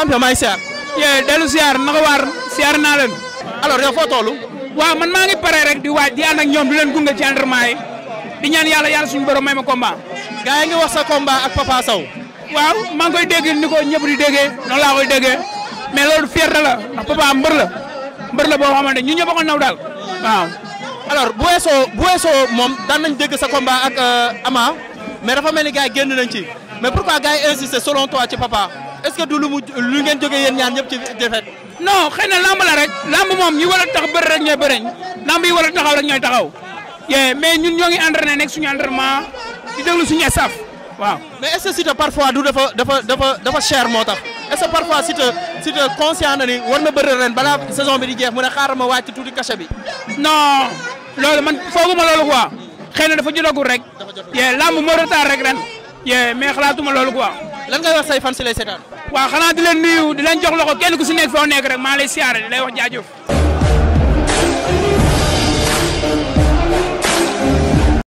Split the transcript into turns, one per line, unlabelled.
champion maa ngi siyaar. yee dellu siyaar naka waar siyaar naa leen. alors yow foo toolu. waaw man maa ngi pare rek di waaj di ànd ak ñoom di leen gunge ci entraînement yi di ñaan yàlla yàlla suñu borom may ma combat. gars yi ngi wax sa combat ak Papa Sow. waaw maa ngi koy dégg ni ko ñëpp di déggee noonu laa koy déggee mais loolu fierté la ndax Papa mbër la mbër la boo xamante ñu ñëpp a ko naw daal waaw. alors bu weesoo bu weesoo moom daan nañ dégg sa combat ak euh, Ama mais dafa mel ni gars yi génn nañ ci mais pourquoi gars yi insister est-ce que du lu mu lu ngeen jógee yéen ñaar ñëpp ci défaite. non lamb la rek lamb moom ñi war a tax bëri rek ñooy bëriñ lamb yi war a taxaw rek ñooy taxaw mais ñun ñoo ngi entraîné nekk suñu entraînement di déglu suñu staff waaw. mais est-ce que Siteu parfois du dafa dafa dafa dafa cher moo tax est-ce que parfois Siteu Siteu conscient na ni war na bëri ren balaa saison bi di jeex mu ne xaaral ma wàcc tuuti cachet bi. non loolu man fooguma loolu quoi xëy dafa jotagul rek. dafa jotagul lamb rek ren. mais xalaatuma loolu quoi. lan ngay wax waaw xanaa di leen nuyu di leen jox loxo kenn ku si nekk foo nekk rek maa lay siyaare di lay